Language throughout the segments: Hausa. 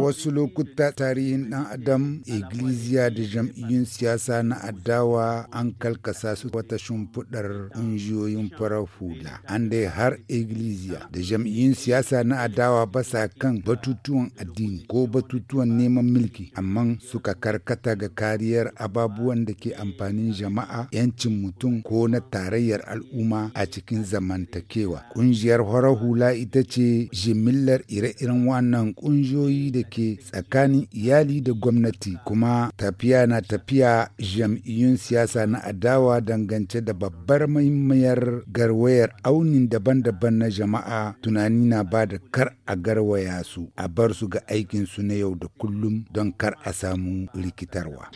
Wasu lokuta tarihin ɗan Adam, Iglesia da jam'iyyun siyasa na adawa an kalkasa su wata shimfiɗar ƙungiyoyin farar hula. An dai har Iglesia da jam'iyyun siyasa na adawa ba sa kan batutuwan addini ko batutuwan neman mulki, amma suka karkata ga kariyar ababuwan da ke amfanin jama'a, 'yancin mutum ko na tarayyar al'umma a cikin zamantakewa. Ƙungiyar farar hula ita ce jimillar ire-iren wannan ƙungiyoyi hanyoyi da ke tsakanin iyali da gwamnati kuma tafiya na tafiya jam'iyyun siyasa na adawa dangance da babbar mahimmiyar garwayar aunin daban-daban na jama'a tunani na ba da kar a garwaya su a bar su ga aikin su na yau da kullum don kar a samu rikitarwa.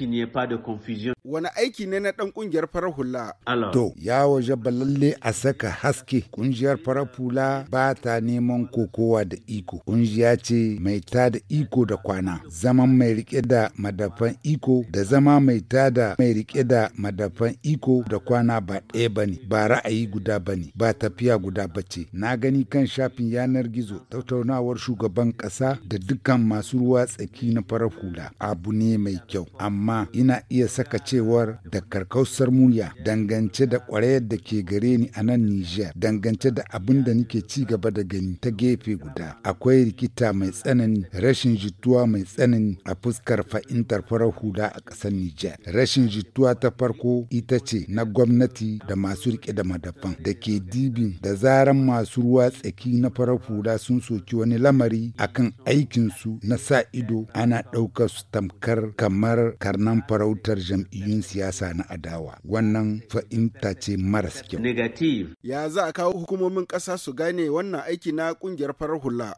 Wani aiki ne na ɗan ƙungiyar farar hula? To, ya waje balalle a saka haske ƙungiyar farar hula ba ta neman kokowa da iko. Ƙungiya ce mai ta da iko da kwana Zama mai rike da madafan iko da zama mai ta da mai rike da madafan iko da kwana ba ɗaya ba ne ba ra'ayi guda ba ne ba tafiya guda ba ce na gani kan shafin yanar gizo tattaunawar shugaban ƙasa da dukkan masu ruwa tsaki na farar hula abu ne mai kyau amma ina iya saka cewar da karkausar murya dangance da ƙwarayar da ke gare ni a nan Nijar dangance da abin da nake ci gaba da gani ta gefe guda akwai rikita mai tsanani rashin jituwa mai tsanani a fuskar fa'intar farar hula a ƙasar Nijar. Rashin jituwa ta farko ita ce na gwamnati da masu riƙe da madafan da ke dibin da zaran masu ruwa tsaki na farar hula sun soki wani lamari akan aikinsu na sa ido ana ɗaukar su tamkar kamar karnan farautar jam'iyyun siyasa na adawa. Wannan fahimta ce maras kyau. Ya za a kawo hukumomin ƙasa su gane wannan aiki na ƙungiyar farar hula.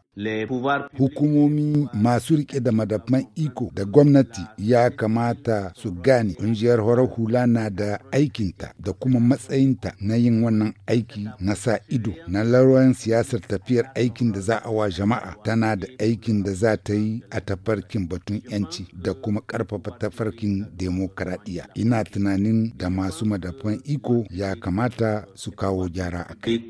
Hukumomi hukumomi masu rike da madafan iko da gwamnati ya kamata su gane kungiyar horar hula na da aikinta da kuma matsayinta na yin wannan aiki na sa ido na laruwan siyasar tafiyar aikin da za a wa jama'a tana da aikin da za ta yi a tafarkin batun yanci da kuma karfafa tafarkin demokaradiyya ina tunanin da masu madafan iko ya kamata su kawo gyara a kai.